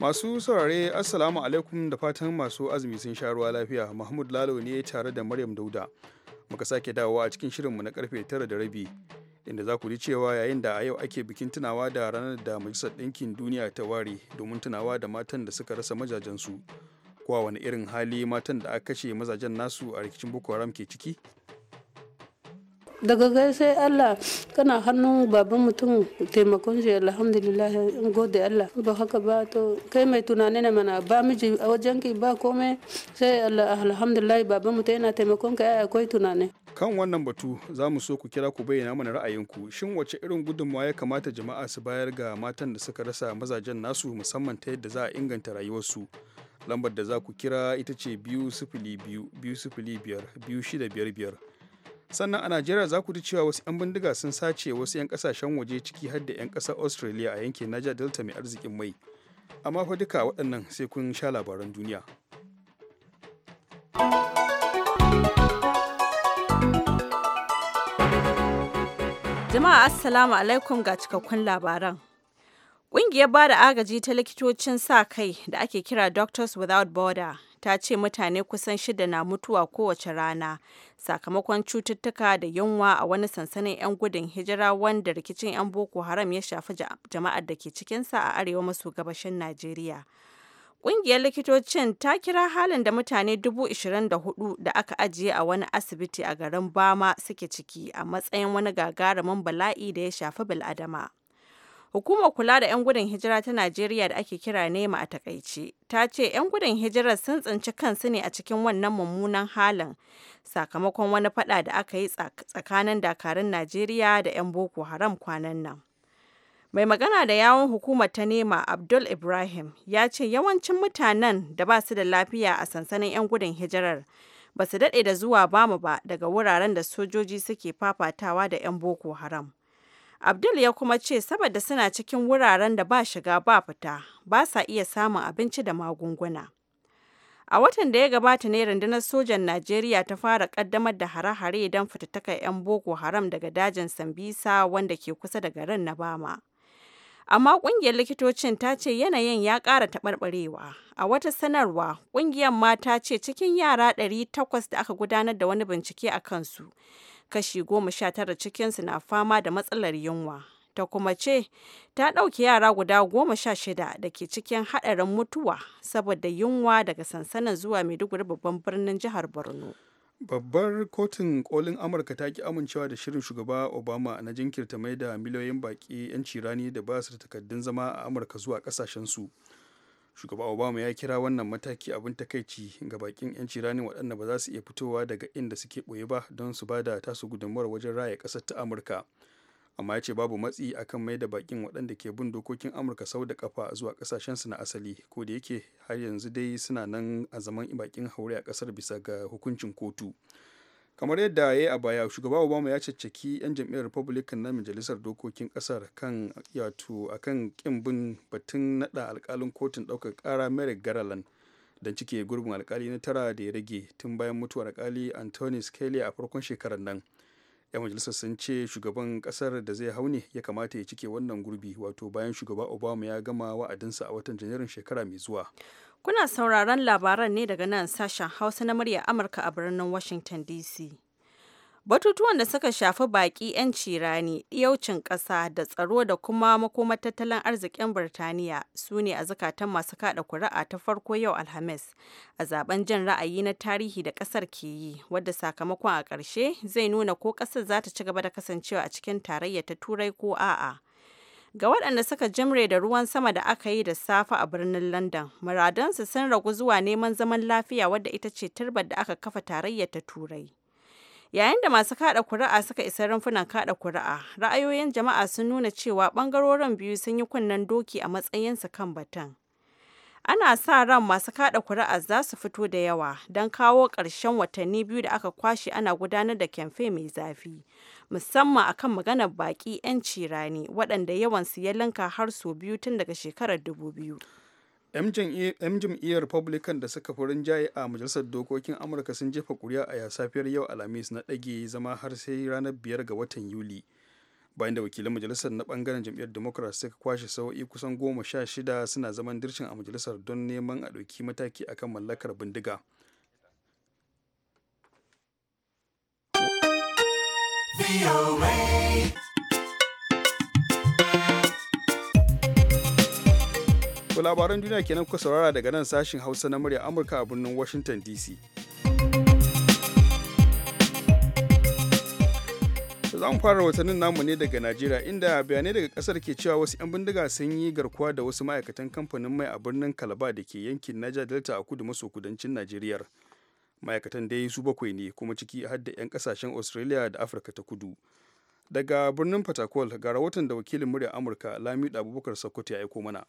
Masu saurare Assalamu alaikum da fatan masu azumi sun sha ruwa lafiya Mahmud Lalo ne tare da Maryam Dauda. Muka sake dawowa a cikin shirinmu na karfe tara da rabi inda za ku ji cewa yayin da a yau ake bikin tunawa da ranar da Majalisar Ɗinkin Duniya ta ware domin tunawa da matan da suka rasa majajensu. Kowa wani irin hali matan da aka kashe mazajen nasu a rikicin Boko Haram ke ciki? daga gai sai Allah kana hannun baban mutum taimakon shi alhamdulillah gode Allah ba haka ba to kai mai tunani ne mana ba miji a wajen ki ba komai sai Allah alhamdulillah baban mutum yana taimakon ka akwai tunani kan wannan batu za mu so ku kira ku bayyana mana ra'ayinku shin wace irin gudunmawa ya kamata jama'a su bayar ga matan da suka rasa mazajen nasu musamman ta yadda za a inganta rayuwarsu lambar da za ku kira ita ce biyu sifili biyu biyu sifili biyar biyu shida biyar biyar sannan a najeriya za ku ji cewa wasu 'yan bindiga sun sace wasu 'yan kasashen waje ciki har da 'yan ƙasar australia a yankin niger delta mai arzikin mai amma fa duka waɗannan sai kun sha labaran duniya jama'a assalamu alaikum ga cikakkun labaran ƙungiyar ba da agaji ta likitocin sa kai da ake kira doctors without border ta ce mutane kusan shida na mutuwa kowace rana sakamakon cututtuka da yunwa a wani sansanin 'yan gudun hijira wanda rikicin 'yan boko haram ya shafi jama'ar da ke cikinsa a arewa maso gabashin najeriya Ƙungiyar likitocin ta kira halin da mutane 24,000 da aka ajiye a wani asibiti a garin Bama suke ciki a matsayin wani gagarumin bala'i da ya shafi bil'adama. Hukumar kula da 'yan gudun hijira ta Najeriya da ake kira nema a takaice ta ce 'yan gudun hijirar sun tsinci kansu ne a cikin wannan mummunan halin sakamakon wani fada da aka yi tsakanin dakarun Najeriya da 'yan Boko Haram kwanan nan. Mai magana da yawon hukumar ta nema Abdul Ibrahim ya ce yawancin mutanen da ba su da lafiya a sansanin 'yan gudun hijirar ba su daɗe da zuwa bamu ba daga wuraren da sojoji suke fafatawa da 'yan Boko Haram. Abdul ya kuma ce saboda suna cikin wuraren da ba shiga ba fita ba sa iya samun abinci da magunguna. A watan da ya gabata ne rundunar sojan Najeriya ta fara kaddamar da hare-hare don fitattakar 'yan Boko Haram daga dajin Sambisa wanda ke kusa da garin na Bama. Amma kungiyar likitocin ta ce yanayin ya ƙara taɓarɓarewa. A wata sanarwa, kungiyar ma ta ce cikin yara 800 da aka gudanar da wani bincike a kansu. kashi goma sha tara cikinsu na fama da matsalar yunwa ta kuma ce ta ɗauki yara guda goma sha shida da ke cikin haɗarin mutuwa saboda yunwa daga sansanin zuwa maiduguri babban birnin jihar borno babbar kotun kolin amurka ta ki amincewa da shirin shugaba obama na jinkirta mai da miliyoyin baki 'yanci rani da ba su da takaddun zama a amurka zuwa kasashensu su shugaba obama ya kira wannan mataki abin takaici ga bakin 'yanci ranin waɗanda ba za su iya fitowa daga inda suke ɓoye ba don su bada tasu gudunmuwar wajen raya ƙasar ta amurka amma ya ce babu matsi akan mai da bakin waɗanda ke bin dokokin amurka sau da kafa zuwa su na asali ko da yake har yanzu dai suna nan a zaman bakin haure a ƙasar bisa ga hukuncin kotu kamar yadda ya yi a baya shugaba obama ya caccaki 'yan jam'iyyar republican na majalisar dokokin kasar kan yato a kan kin bin batun nada alkalin kotun daukar kara merrick garland don cike gurbin alkali na tara da ya rage tun bayan mutuwar alkali anthony scalia a farkon shekarar nan 'yan majalisar sun ce shugaban kasar da zai hau ne ya kamata ya cike wannan gurbi wato bayan shugaba obama ya gama wa'adinsa a watan janairun shekara mai zuwa Kuna sauraron labaran ne daga nan sashen Hausa na murya Amurka a birnin Washington DC. Batutuwan da suka shafi baƙi 'yanci rani, ɗiyaucin ƙasa da tsaro da kuma makomar tattalin arzikin Birtaniya su ne a zukatan masu kaɗa kuri'a ta farko yau Alhamis a zaben jin ra'ayi na tarihi da ƙasar ke yi, wadda sakamakon a ƙarshe zai nuna ko ƙasar za ta ci gaba da kasancewa a cikin tarayya ta Turai ko a'a. Ga waɗanda suka jimre da ruwan sama da aka yi da safe a birnin London, muradansu sun ragu zuwa neman zaman lafiya wadda ita ce turbar da aka kafa tarayyar ta Turai. Yayin da masu kada kuri'a suka isa rumfunan kada kuri'a, ra'ayoyin jama'a sun nuna cewa ɓangarorin biyu sun yi kunnen doki a matsayinsu kan batun. ana sa ran masu kada kuri'a za su fito da yawa don kawo ƙarshen watanni biyu da aka kwashe ana gudanar da kyamfe mai zafi musamman akan maganar baki 'yanci rani waɗanda yawansu ya linka har sau biyu tun daga shekarar 2000 'yan jam'iyyar republican da suka fi rinjaye a majalisar dokokin amurka sun jefa kuri'a a safiyar yau alhamis na ɗage zama har sai ranar biyar ga watan yuli bayan da wakilan majalisar na bangaren jam'iyyar democrat suka kwashe sawa'i kusan goma sha shida suna zaman dircin a majalisar don neman a ɗauki mataki akan mallakar bindiga labaran duniya kenan kuka saurara daga nan sashin hausa na murya amurka a birnin washington dc za mu fara watannin namu ne daga Najeriya inda bayanai daga kasar ke cewa wasu 'yan bindiga sun yi garkuwa da wasu ma'aikatan kamfanin mai a birnin Kalaba da ke yankin Niger Delta a kudu maso kudancin Najeriya. Ma'aikatan dai su bakwai ne kuma ciki har da 'yan kasashen Australia da Afirka ta kudu. Daga birnin Fatakol ga rahoton da wakilin murya Amurka Lamidu Abubakar Sokoto ya aiko mana.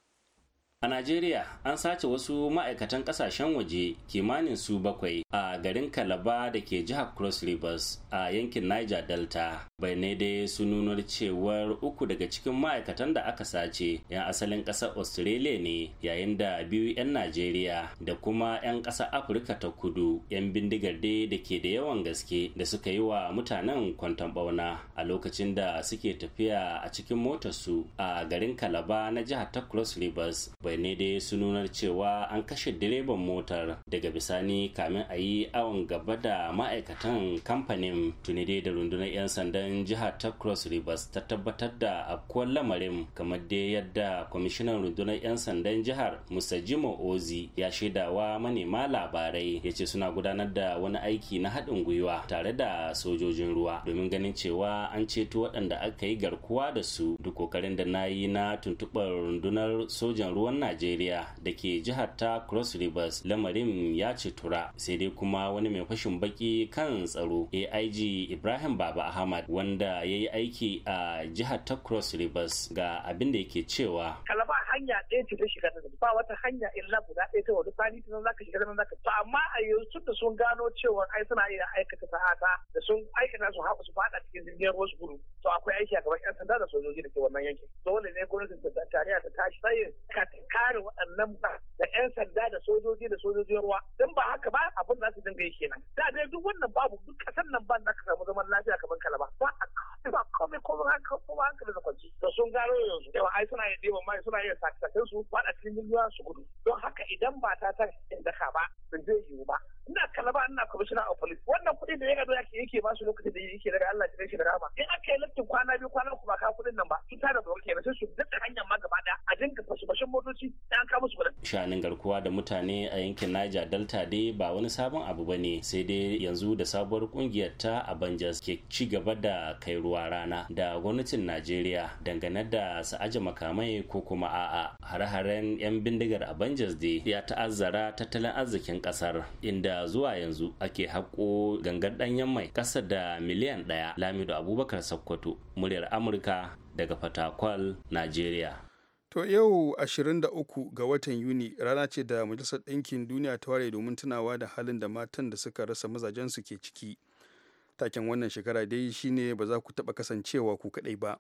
A Najeriya an sace wasu ma'aikatan kasashen waje kimanin su bakwai a garin Kalaba da ke jihar Cross Rivers a yankin Niger Delta. ne dai su nunar cewar uku daga cikin ma'aikatan da aka sace 'yan asalin ƙasar Australia ne yayin da biyu 'yan Najeriya da kuma 'yan ƙasar Afirka ta kudu 'yan bindigar dai da ke da yawan gaske da suka yi wa mutanen kwanton bauna a lokacin da suke tafiya a cikin motarsu a garin Kalaba na jihar ta Cross Rivers. ne dai su nunar cewa an kashe direban motar daga bisani kamin a yi awon gaba da ma'aikatan kamfanin tuni dai da rundunar 'yan sandan jihar ta cross rivers ta tabbatar da afkuwar lamarin kamar dai yadda kwamishinan rundunar 'yan sandan jihar musa jimo ozi ya shaidawa manema labarai ya ce suna gudanar da wani aiki na haɗin gwiwa tare da sojojin ruwa domin ganin cewa an ceto waɗanda aka yi garkuwa da su duk kokarin da na yi na tuntuɓar rundunar sojan ruwan najeriya da ke jihar ta cross rivers lamarin ya ce tura sai dai kuma wani mai fashin baki kan tsaro aig ibrahim baba ahmad wanda ya yi aiki a jihar ta cross rivers ga abin da yake cewa hanya ɗaya ce ta shiga ta ba wata hanya illa guda ɗaya ta wani Sani ta za ka shiga nan zaka ka to amma a yanzu da sun gano cewa ai suna iya aikata sa'ata da sun aikata su haƙu su faɗa cikin zirgin ruwa su gudu to akwai aiki a gaban 'yan sanda da sojoji da ke wannan yankin dole ne gwamnatin ta tarayya ta tashi sai ka kare waɗannan ba da 'yan sanda da sojoji da sojojin ruwa don ba haka ba abin za su dinga yi kenan da dai duk wannan babu duk ƙasar nan ban da ka samu zaman lafiya kamar kalaba ba a ba komai komai hankali da kwanci da sun gano yanzu yawa ai suna iya ɗiban ma suna iya su faɗa cikin miliyoyin su gudu don haka idan ba ta ta daka ba ba zai yiwu ba ina kalaba ina commissioner a police wannan kuɗi da ya gado yake yake ba su lokacin da yake daga Allah ya shi da rama in aka yi lantin kwana biyu kwana uku ba ka kuɗin nan ba in ta da dokar kenan sai su daɗa hanyar ma gaba ɗaya a dinga fasu fashen motoci da an kawo musu kuɗin. shanin garkuwa da mutane a yankin Niger Delta dai ba wani sabon abu ba ne sai dai yanzu da sabuwar kungiyar ta Abanjas ke ci gaba da kai ruwa rana da gwamnatin Najeriya dangane da su aje makamai ko kuma a'a hare-haren 'yan bindigar Abanjas dai ya ta'azzara tattalin arzikin kasar inda da zuwa yanzu ake haƙo gangar ɗanyen mai ƙasa da miliyan ɗaya lamido abubakar sakkwato muryar amurka daga fatakwal nigeria To yau 23 ga watan Yuni rana ce da Majalisar Ɗinkin Duniya ta ware domin tunawa da halin da matan da suka rasa mazajensu ke ciki. Taken wannan shekara dai shine ba za ku taɓa kasancewa ku kaɗai ba.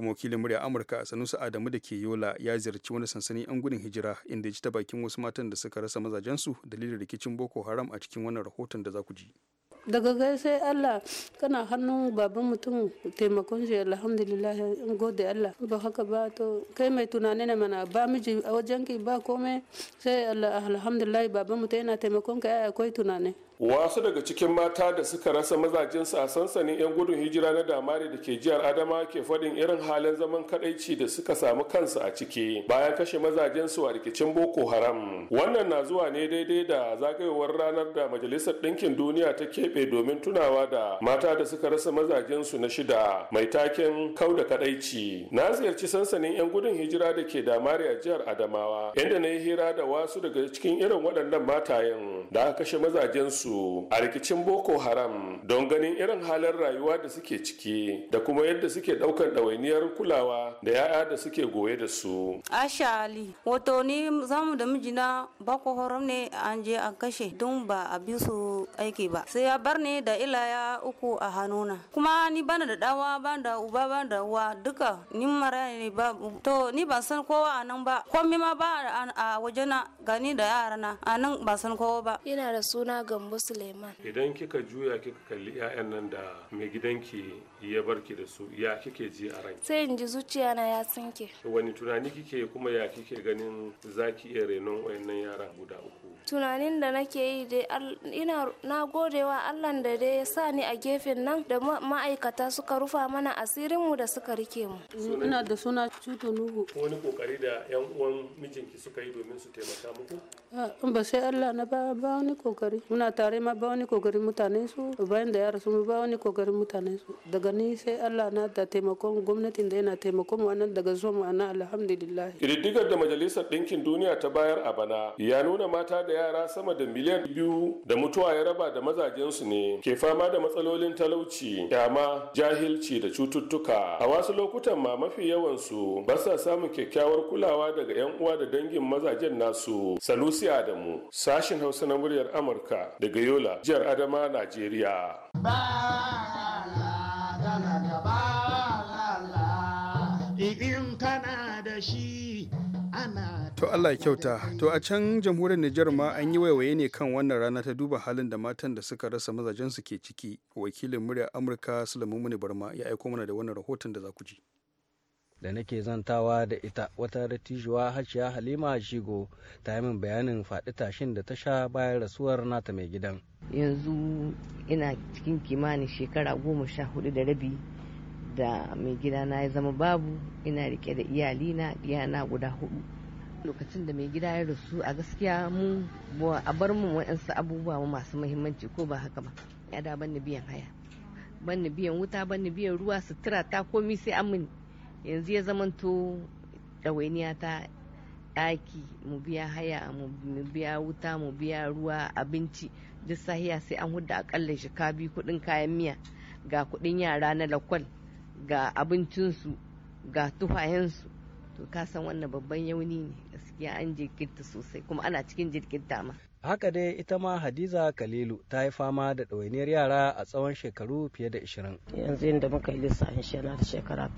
kuma wakilin murya amurka a sanusa adamu da ke yola ya ziyarci wani sansanin 'yan gudun hijira inda ya ci ta bakin wasu matan da suka rasa mazajensu dalilin rikicin boko haram a cikin wannan rahoton da za ku ji daga gai sai Allah kana hannun baban mutum taimakon shi alhamdulillah in gode Allah ba haka ba to kai mai tunani ne mana ba miji a wajen ki ba komai sai Allah alhamdulillah baban mutum yana taimakon ka ya akwai tunani wasu daga cikin mata da suka rasa mazajensu a sansanin 'yan gudun hijira na damari da ke jihar adama ke faɗin irin halin zaman kadaici da suka samu kansu a ciki bayan kashe mazajensu a rikicin boko haram wannan na zuwa ne daidai da zagayowar ranar da majalisar ɗinkin duniya ta keɓe domin tunawa da mata da suka rasa mazajensu na shida mai taken kau da kadaici na ziyarci sansanin 'yan gudun hijira da ke damari a jihar adamawa inda na yi hira da wasu daga cikin irin waɗannan matayen da aka kashe mazajensu su a rikicin boko haram don ganin irin halin rayuwa da suke ciki da kuma yadda suke ɗaukar ɗawainiyar kulawa da 'ya'ya da suke goye da su asha ali wato ni zamu da mijina boko haram ne an je an kashe don ba a bi su aiki ba sai ya bar ni da ilaya uku a hannuna kuma ni bana da dawa bana da uba bana da uwa duka ni mara ne ba to ni ban san kowa a nan ba komai ma ba a wajena gani da yarana a nan ban san kowa ba Ina da suna gambo Suleiman. Idan kika juya kika kalli 'ya'yan nan da mai gidanki ya barki da su ya kike ji a ranki? Sai in ji zuciya na ya sinke. Wani tunani kike kuma ya kike ganin zaki iya renon wayannan yara guda uku? Tunanin da nake yi dai ina na godewa Allah da dai ya sa ni a gefen nan da ma'aikata suka rufa mana asirin mu da suka rike mu. Ina da suna Cuto Nuhu. Wani kokari da 'yan uwan mijinki suka yi domin su taimaka muku? Ah, ba sai Allah na ba wani kokari muna tare ma ba wani kokari mutane su bayan da ya rasu ba wani kokari mutane su daga ni sai Allah na da taimakon gwamnatin da yana taimakon wannan daga zuwa mu ana alhamdulillah kididdigar da majalisar ɗinkin duniya ta bayar a bana ya nuna mata da yara sama da miliyan biyu da mutuwa ya raba da mazajensu ne ke fama da matsalolin talauci kyama jahilci da cututtuka a wasu lokutan ma mafi yawansu ba sa samun kyakkyawar kulawa daga 'yan uwa da dangin mazajen nasu salusi Sanusi Adamu, sashin Hausa na muryar Amurka daga Yola, jihar Adama, Najeriya. da shi To Allah kyauta, to a can jamhuriyar Nijar ma an yi waiwaye ne kan wannan rana ta duba halin da matan da suka rasa mazajensu ke ciki. Wakilin muryar Amurka Sulaiman Barma ya aiko mana da wannan rahoton da za ku ji. da nake zantawa da ita wata dattijuwa hajiya halima shigo ta yi min bayanin faɗi tashin da ta sha bayan rasuwar nata mai gidan yanzu ina cikin kimanin shekara goma sha hudu da rabi da mai gidana ya zama babu ina rike da iyalina iyana guda hudu lokacin da mai gida ya rasu a gaskiya mu a bar mu waɗansu abubuwa masu muhimmanci ko ba haka ba ya da ban biyan haya ban biyan wuta ban biyan ruwa sutura ta komi sai amini. yanzu ya zamanto ɗawainiya ta ɗaki mu biya haya mu biya wuta mu biya ruwa abinci duk sahiya sai an hudda akalla shika biyu kuɗin kayan miya ga kuɗin yara na lakwal ga abincinsu ga tufayensu to kasan san wannan babban yauni ne gaskiya an jirkinta sosai kuma ana cikin jirkinta ma Haka dai ita ma Hadiza Kalilu ta yi fama da ɗawainiyar yara a tsawon shekaru fiye da 20. Yanzu inda muka yi in shi yana da shekara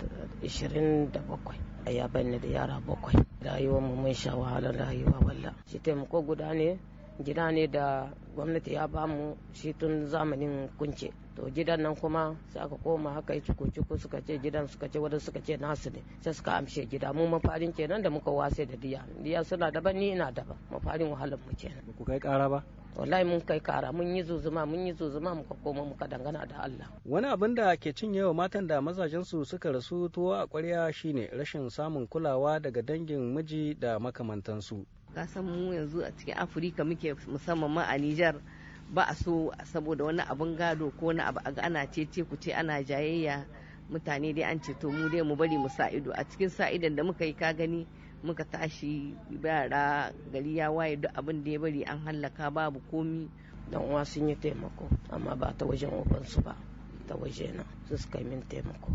27 a ya bayyana da yara bakwai. Rayuwar mu mun sha wahalar rayuwa walla. Shi taimako guda ne gida ne da gwamnati ya bamu shi tun zamanin kunce to gidan nan kuma sai aka koma haka yi cuku-cuku suka ce gidan suka ce wadda suka ce nasu ne sai suka amshe gida mu mafarin kenan da muka wase da diya diya suna daban ni ina daban mafarin wahalar mu kenan ku kai kara ba wallahi mun kai kara mun yi zuzuma mun yi zuzuma muka koma muka dangana da Allah wani abin da ke cin yawa matan da mazajen su suka rasu tuwo a ƙwarya shine rashin samun kulawa daga dangin miji da makamantansu ka san mu yanzu a cikin Afirka muke musamman ma a Nijar ba a so saboda wani abun gado ko wani abu ana cece ku ce ana jayayya mutane dai an ceto mu dai mu bari mu sa ido a cikin sa idon da muka yi ka gani muka tashi yara gari ya waye duk abin da ya bari an hallaka babu komi dan uwa sun yi taimako amma ba ta wajen su ba ta waje na su suka yi min taimako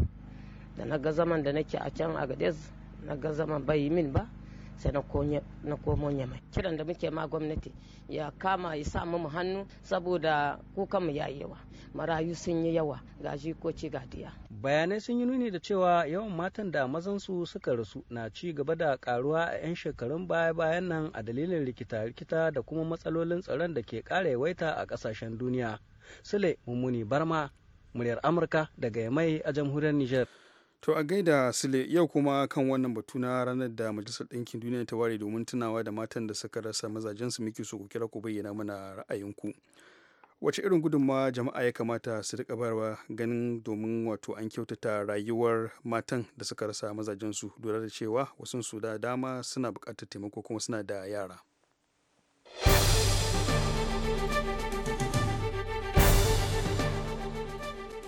da na ga zaman da nake a can agades na ga zaman bai yi min ba sai na komo nyamai kiran da muke ma gwamnati ya kama ya sa mu hannu saboda kukan mu yayewa marayu sun yi yawa ga jikoci ga diya bayanai sun yi nuni da cewa yawan matan da mazansu suka rasu na ci gaba da karuwa a 'yan shekarun baya bayan nan a dalilin rikita-rikita da kuma matsalolin tsaron da ke kara yawaita a ƙasashen duniya sule mummuni barma muryar amurka daga yamai a jamhuriyar niger To a gaida Sule yau kuma kan wannan batu na ranar da Majalisar Ɗinkin Duniya ta ware domin tunawa da matan da suka rasa mazajensu muke so ku kira ku bayyana mana ra'ayinku. Wace irin gudunma jama'a ya kamata su riƙa bawa ganin domin wato an kyautata rayuwar matan da suka rasa mazajensu lura da cewa wasu su da dama suna buƙatar taimako kuma suna da yara.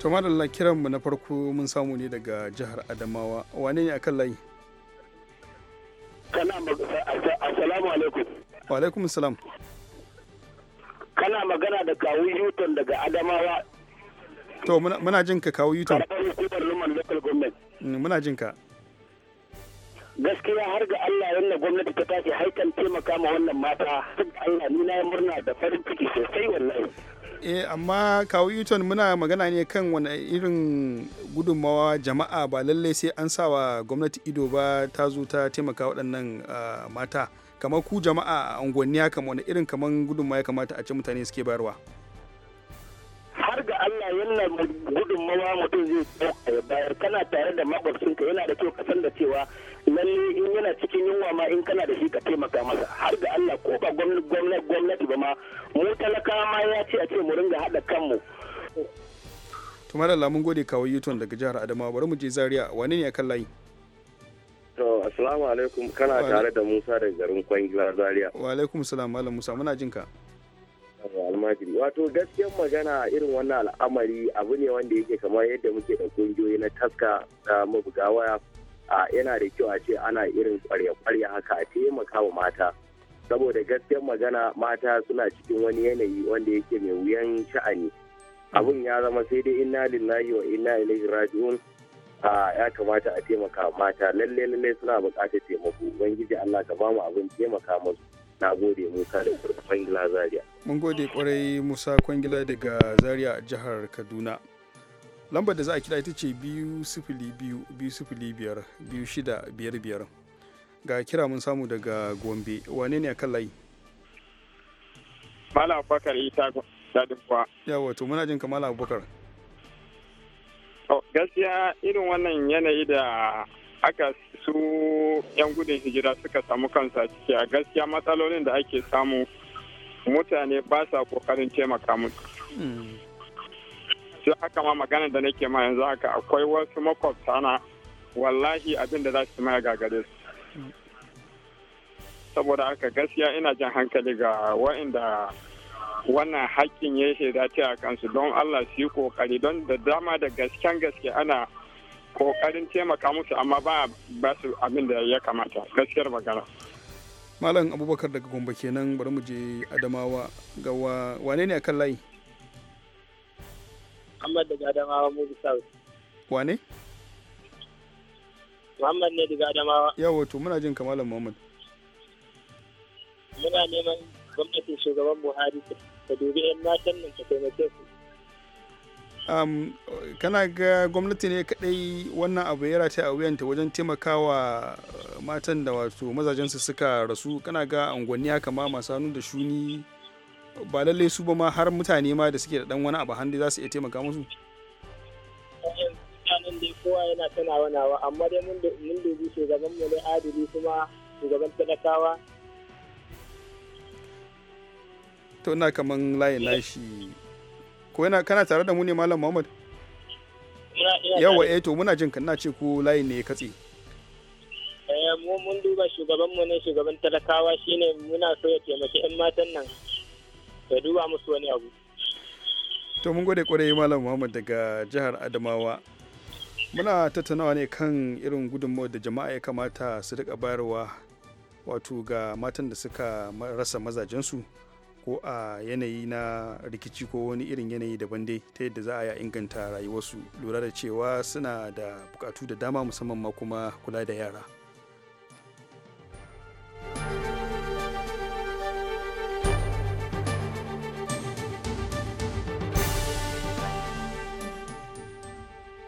to madalla kiranmu na farko mun samu ne daga jihar adamawa wane ne akan layi assalamu alaikum wa alaikum salam kana magana da kawu yuton daga adamawa to muna jin ka kawu yuton mm, muna jin ka gaskiya har ga Allah wannan gwamnati ta tafi haikan taimaka ma wannan mata Allah ni na yi murna da farin ciki sosai wallahi eh amma kawo yuton muna magana ne kan wani irin gudunmawa jama'a ba lallai sai an sa wa gwamnati ido ba ta zo ta taimaka waɗannan ah, mata kamar ku jama'a a unguwanni haka wani irin kamar gudunmawa ya kamata a ce mutane suke bayarwa Allah yana gudun mawa mutum zai ɗauka ya bayar kana tare da makwabcinka yana da kyau ka da cewa lalle in yana cikin yunwa ma in kana da shi ka taimaka masa har da Allah ko ba gwamnati ba ma mu talakawa ma ya ce a ce mu ringa haɗa kanmu. Tumar Allah mun gode kawo Yuton daga jihar Adamawa bari mu je Zaria wani ne a kan layi? To assalamu alaikum kana tare da Musa daga garin Kwangila Zaria. Wa alaikum salam Malam Musa muna jin ka. almajiri wato gaskiyan magana irin wannan al'amari abu ne wanda yake kamar yadda muke da kungiyoyi na taska da mabuga waya yana da kyau a ce ana irin kwarya-kwarya haka a taimaka wa mata saboda gaskiyan magana mata suna cikin wani yanayi wanda yake mai wuyan sha'ani abun ya zama sai dai inna lillahi wa inna ilaihi raji'un ya kamata a taimaka mata lalle lalle suna buƙatar taimako ubangiji Allah ka mu abin taimaka musu na gode musa da kwangila zaria mun gode kwarai musa kwangila daga zaria a jihar kaduna lambar da za a kira ita ce biyu sifili biyu biyu sifili biyar biyu shida biyar biyar ga kira mun samu daga gombe wane ne a kan layi mala abubakar ta dadin kuwa ya to muna jin kamala abubakar oh, gaskiya irin wannan yanayi da aka su 'yan gudun hijira suka samu kansa ciki a gaskiya matsalolin da ake samu mutane ba sa kokarin taimaka musu. sai haka ma magana da nake ma yanzu haka akwai wasu makwabta na wallahi abin da za su maya gagare su saboda haka gaskiya ina jan hankali ga wa'inda wannan hakkin ya shaida ta a kansu don allah su yi kokari don da dama da gasken gaske ana kokarin taimaka musu amma ba ba su abin da ya kamata gaskiyar magana malam abubakar daga gombe kenan bari mu je adamawa ga wane ne akan layi Muhammad daga Adamawa Mubi South. Wane? Muhammad ne daga Adamawa. Yawo wato muna jin kamalan Muhammad. Muna neman gwamnatin shugaban Buhari ta dubi 'yan matan nan ta taimake su. um, kana ga gwamnati ne kadai wannan abu ya rataya a wuyanta wajen taimakawa eh, matan da wato mazajensu suka rasu kana ga unguwanni haka ma masu hannu da shuni ba lalle su ba ma har mutane ma da suke da dan wani abu hannu za su iya taimaka musu mutanen da kowa yana tana wanawa amma dai mun mu ne adili kuma shugaban talakawa to ina kaman layin nashi ko yana kana tare da mu ne malam Muhammad yawa eh to muna jin kana ce ko layin ne ya katse eh mu mun duba shugaban mu ne shugaban talakawa shine muna so ya taimaki yan matan nan ya duba musu wani abu to mun gode kwarai malam Muhammad daga jihar Adamawa muna tattaunawa ne kan irin gudunmawar da jama'a ya kamata su rika bayarwa wato ga matan da suka rasa mazajensu ko a yanayi na rikici ko wani irin yanayi daban dai ta yadda za a yi inganta rayuwarsu lura da cewa suna da bukatu da dama musamman ma kuma kula da yara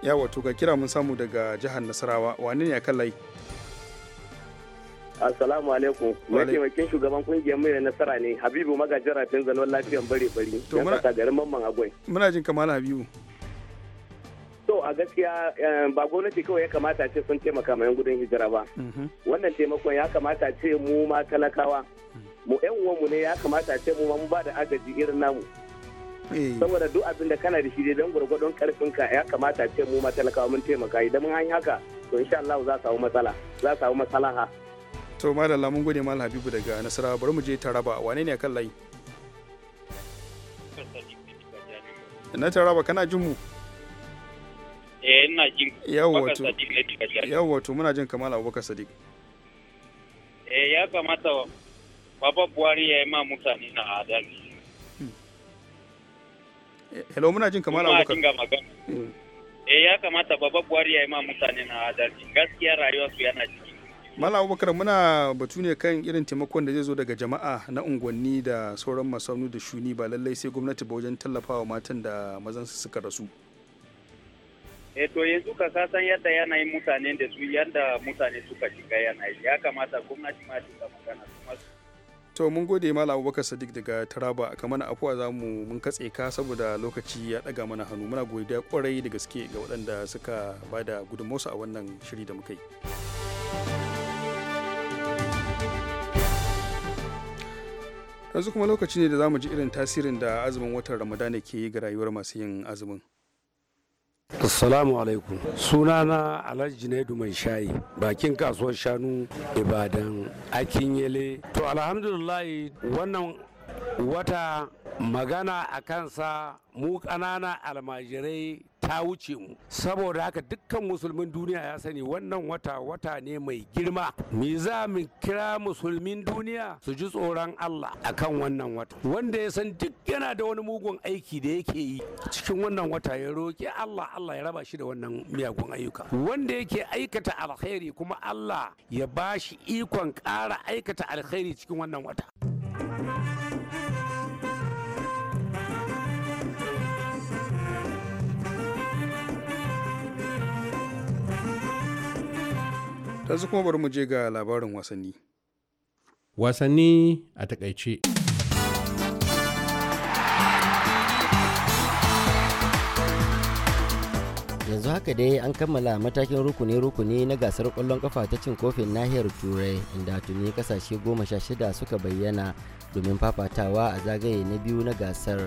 ya wato ga kira mun samu daga jihar nasarawa wani ne ya kallai? Assalamu alaikum. Mataimakin shugaban kungiyar mai nasara ne Habibu magajin rafin zanon lafiyan bare bari. To muna garin mamman agwai. Muna jin kamar Habibu. To a gaskiya eh, ba gwamnati kawai ya kamata ce sun taimaka mai yan gudun hijira ba. Mhm. Wannan taimakon ya kamata ce mu ma talakawa. Mu yan uwanmu ne ya kamata ce mu ma mu ba da agaji irin namu. Eh. saboda duk abin da kana da shi don gwargwadon karfinka ya kamata ce mu ma talakawa mun taimaka idan mun haka to insha Allah za su samu matsala za su samu matsalaha to malalla mun gode mal habibu daga nasarawa bari mu je taraba wane ne kan layi na taraba kana jin mu eh ina jin yawwa to muna jin kamar abubakar sadiq eh ya kamata baba buhari ya yi ma mutane na adali hmm. eh, hello muna jin kamar abubakar hmm. eh ya kamata baba buhari ya yi ma mutane na adali gaskiya rayuwa su yana ciki Malam Abubakar muna batu ne kan irin taimakon da zai zo daga jama'a na unguwanni da sauran masu da shuni ba lallai sai gwamnati ba wajen tallafawa matan da mazan su suka rasu. E to yanzu ka yadda yanayin mutane da su yadda mutane suka shiga yanayi ya kamata gwamnati ma ta magana To mun gode Malam Abubakar Sadiq daga Taraba kamar afuwa za mu mun katse ka saboda lokaci ya daga mana hannu muna godiya kwarai da gaske ga waɗanda suka bada gudunmawarsu a wannan shiri da muka yi. yanzu kuma lokaci ne da za mu ji irin tasirin da azumin watan ramadana ke yi ga rayuwar masu yin azumin Assalamu alaikum. Sunana Alhaji Junaidu Mai Shayi, bakin kasuwar shanu Ibadan, Akinyele. To alhamdulillah wannan wata magana a kansa mu ƙanana almajirai ta wuce mu saboda haka dukkan musulmin duniya ya sani wannan wata wata ne mai girma me za mu kira musulmin duniya su ji tsoron Allah akan wannan wata wanda ya san duk yana da wani mugun aiki da yake yi cikin wannan wata ya roki Allah Allah ya raba shi da wannan miyagun ayyuka wanda yake aikata alkhairi kuma Allah ya bashi ikon ƙara aikata alkhairi cikin wannan wata yanzu kuma bari mu je ga labarin wasanni wasanni a takaice yanzu haka dai an kammala matakin rukuni-rukuni na gasar kwallon kafa ta cin kofin nahiyar turai inda tuni kasashe goma sha shida suka bayyana domin fafatawa a zagaye na biyu na gasar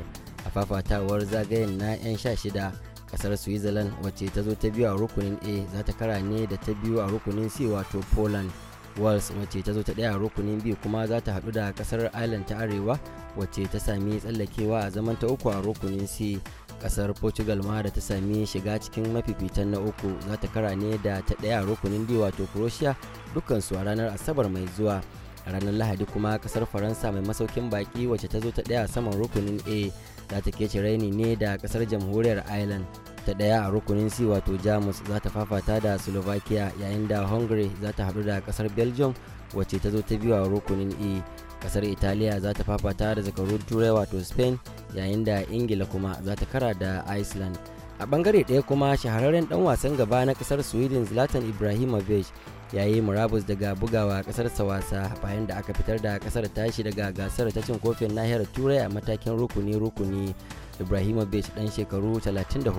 a fafatawar zagayen na 'yan sha shida kasar switzerland wacce ta zo ta biyu a rukunin a za ta kara ne da ta biyu a rukunin c wato poland wales wacce ta zo ta daya a rukunin b kuma za ta hadu da kasar ireland ta arewa wacce ta sami tsallakewa a zaman ta uku a rukunin c kasar portugal ma da ta sami shiga cikin mafifitan na uku za ta kara ne da ta daya a rukunin d wato croatia dukansu a ranar asabar mai zuwa a ranar lahadi kuma kasar faransa mai masaukin baki wacce ta zo ta daya saman rukunin a za ta kece raini ne da kasar jamhuriyar ireland ta daya a rukunin c wato jamus za ta fafata da slovakia yayin da hungary za ta haɗu da kasar belgium wacce ta zo ta biyu a rukunin e kasar italiya za ta fafata da zakarun turai wato spain yayin da ingila kuma za ta kara da iceland a bangare ɗaya kuma shahararren dan wasan gaba na kasar sweden zlatan ibrahimovic yayi murabus daga bugawa kasarsa wasa bayan da aka fitar da kasar tashi daga gasar ta cin kofin nahiyar turai a matakin rukuni-rukuni ibrahimovic dan shekaru 34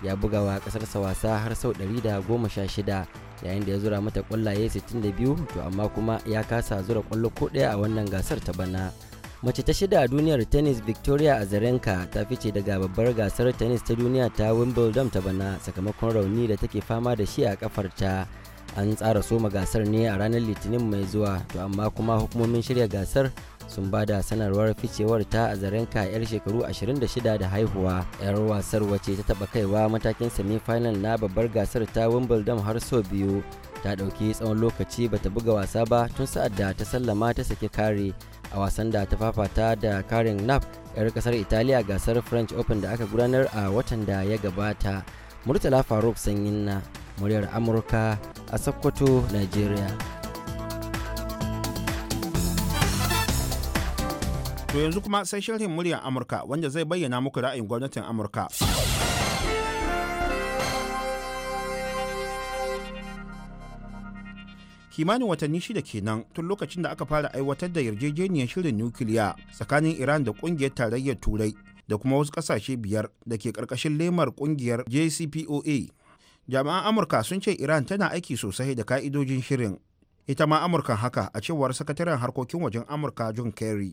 ya bugawa kasarsa wasa har sau 116 yayin da ya zura mata kwallaye 62 to amma kuma ya kasa zura kwallo ko daya a wannan gasar ta bana mace ta shida a duniyar tennis victoria azarenka ta fice daga babbar gasar tennis ta duniya ta wimbledon ta bana sakamakon rauni da take fama da shi a kafarta an tsara soma gasar ne a ranar litinin mai zuwa to amma kuma hukumomin shirya gasar sun ba da sanarwar ficewar ta a zarenka yar shekaru 26 da haihuwa yar wasar wace ta taba kaiwa matakin semifinal na babbar gasar ta wimbledon har sau biyu ta ɗauki tsawon lokaci ba ta buga wasa ba tun sa'ad da ta sallama ta saki kare a wasan da ta fafata da karin nap yar kasar italiya gasar french open da aka gudanar a watan da ya gabata murtala faruk sanyin na muryar amurka a sokoto nigeria to yanzu kuma sai shirin muryar amurka wanda zai bayyana muku ra'ayin gwamnatin amurka kimanin watanni shida kenan tun lokacin da aka fara aiwatar da yarjejeniyar shirin nukiliya tsakanin iran da kungiyar tarayyar turai da kuma wasu kasashe biyar da ke karkashin lemar kungiyar jcpoa jami'an amurka sun ce iran tana aiki sosai da ka'idojin shirin ita ma amurkan haka a cewar sakataren harkokin wajen amurka john kerry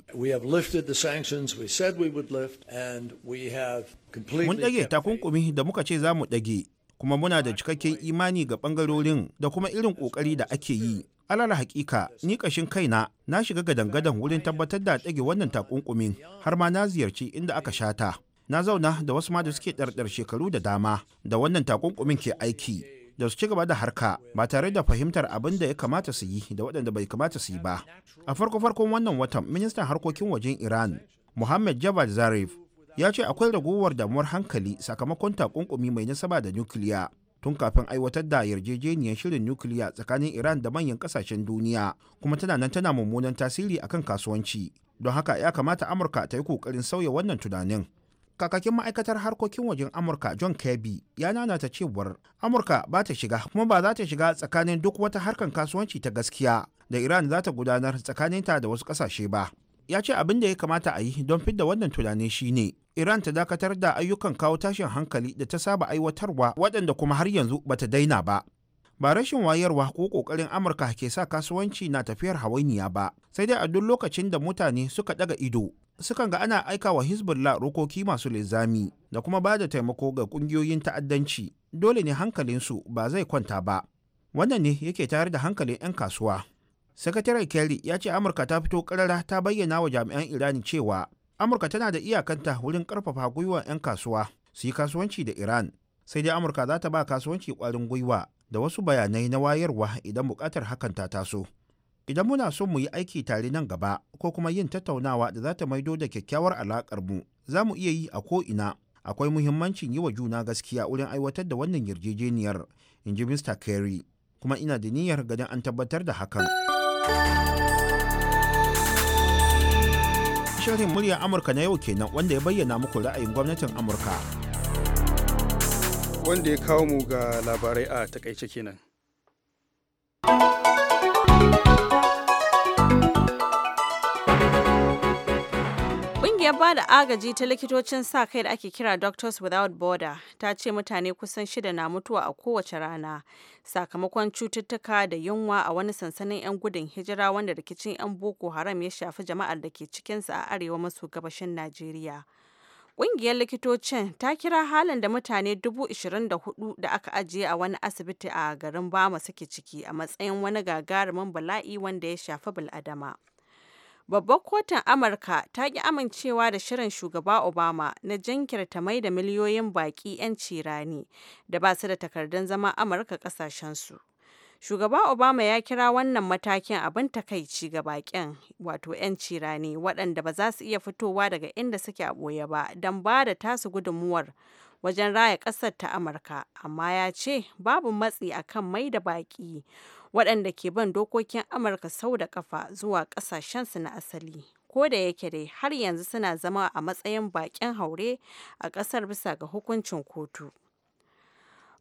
mun ɗage takunkumi da muka ce za mu ɗage kuma muna da cikakken imani ga ɓangarorin da kuma irin ƙoƙari da ake yi alal hakika ni ƙashin kaina na shiga gadan-gadan wurin tabbatar da ɗage wannan takunkumin har ma na ziyarci inda aka shata na zauna da wasu ma da suke ɗarɗar shekaru da dama da wannan takunkumin ke aiki da su ci gaba da harka ba tare da fahimtar abin da ya kamata su yi da waɗanda bai kamata su yi ba a farko farkon wannan watan ministan harkokin wajen iran muhammad javad zarif ya ce akwai ragowar damuwar hankali sakamakon takunkumi mai nasaba da nukiliya tun kafin aiwatar da yarjejeniyar shirin nukiliya tsakanin iran da manyan kasashen duniya kuma tana nan tana mummunan tasiri akan kasuwanci don haka ya kamata amurka ta yi ƙoƙarin sauya wannan tunanin kakakin ma'aikatar harkokin wajen amurka john kirby ya nanata cewar amurka ba ta shiga kuma ba za ta shiga tsakanin duk wata harkar kasuwanci ta gaskiya da iran za ta gudanar tsakaninta da wasu kasashe ba ya ce abin da ya kamata a yi don fidda wannan tunani shine iran ta dakatar da ayyukan kawo tashin hankali da ta saba aiwatarwa waɗanda kuma har yanzu ba ta daina ba ba rashin wayarwa ko kokarin amurka ke sa kasuwanci na tafiyar hawainiya ba sai dai a duk lokacin da mutane suka daga ido sukan ga ana aika wa hezbollah rokoki masu linzami da kuma ba da taimako ga kungiyoyin ta'addanci dole ne hankalinsu ba zai kwanta ba wannan ne yake tare da hankalin 'yan kasuwa sakataren Kelly ya ce amurka ta fito karara ta bayyana wa jami'an iran cewa amurka tana da iyakanta wurin karfafa gwiwa 'yan kasuwa su yi kasuwanci da iran sai dai amurka za ta ba kasuwanci kwarin gwiwa da wasu bayanai na wayarwa idan bukatar hakan ta taso. Idan muna so mu yi aiki tare nan gaba ko kuma yin tattaunawa da za ta maido da kyakkyawar alaƙar mu, za mu iya yi a ko ina Akwai muhimmancin yi wa juna gaskiya wurin aiwatar da wannan yarjejeniyar, in ji Mr. Kerry, kuma ina da niyyar ganin an tabbatar da hakan. Shirin murya Amurka na yau kenan wanda ya bayyana muku ra'ayin gwamnatin Amurka. wanda ya kawo mu ga labarai a takaice kenan. Ƙungiyar ba da agaji ta likitocin sa kai da ake kira Doctors Without Border ta ce mutane kusan shida na mutuwa a kowace rana sakamakon cututtuka da yunwa a wani sansanin 'yan gudun hijira wanda rikicin 'yan Boko Haram ya shafi jama'ar da ke cikinsa a arewa maso gabashin Najeriya. Ƙungiyar likitocin ta kira halin da mutane 24,000 da aka ajiye a wani asibiti a garin Bama suke ciki a matsayin wani gagarumin bala'i wanda ya shafi bil'adama. Babbar kotun Amurka ta ki amincewa da shirin shugaba Obama na jinkirta mai da miliyoyin baƙi 'yanci rani da ba su da takardun zama Amurka ƙasashensu. Shugaba Obama ya kira wannan matakin abin takaici ga bakin wato 'yan ci-rani waɗanda ba za su iya fitowa daga inda suke a ɓoye ba don ba da tasu gudunmuwar wajen raya ƙasar ta Amurka, amma ya ce babu matsi a kan mai da baƙi waɗanda ke bin dokokin Amurka sau da ƙafa zuwa ƙasashensu na asali. Ko da yake dai har yanzu suna zama a matsayin baƙin haure a ƙasar bisa ga hukuncin kotu.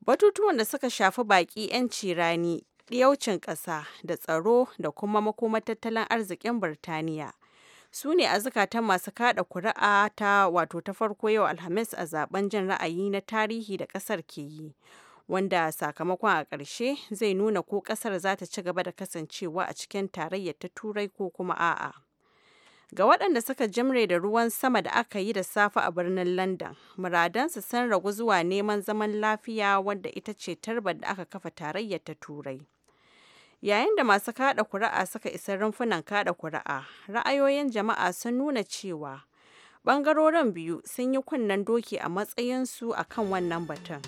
Batutuwan da suka shafi baƙi 'yanci rani yaucin ƙasa da tsaro da kuma makomar tattalin arzikin Birtaniya. Su ne a masu kada kuri'a ta wato ta farko yau Alhamis a zaben jin ra'ayi na tarihi da ƙasar ke yi. Wanda sakamakon a ƙarshe zai nuna ko ƙasar za ta ci gaba da kasancewa a cikin tarayyar ta Turai ko kuma a'a. Ga waɗanda suka jimre da ruwan sama da aka yi da safe a birnin London, muradansu sun ragu zuwa neman zaman lafiya wadda ita ce tarbar da aka kafa tarayyar ta Turai. Yayin da masu kada kuri'a suka isa rumfunan kada kuri'a, ra'ayoyin jama'a sun nuna cewa bangarorin biyu sun yi kunnen doki a matsayinsu a kan wannan batun.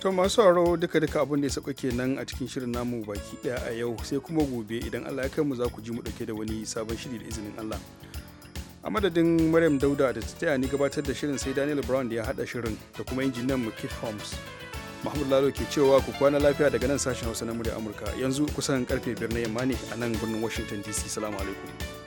To masu sauraro duka duka abin da ya sauka kenan a cikin shirin namu baki daya a yau sai kuma gobe idan Allah ya kai mu za ku ji mu dauke da wani sabon shiri da izinin Allah. a madadin maryam dauda da ta taya ni gabatar da shirin sai daniel brown da ya hada shirin da kuma injiniyan mu Kit holmes mahmud lalo ke cewa ku kwana lafiya daga nan sashen hausa na murya amurka yanzu kusan karfe biyar na yamma ne a nan birnin washington dc salamu alaikum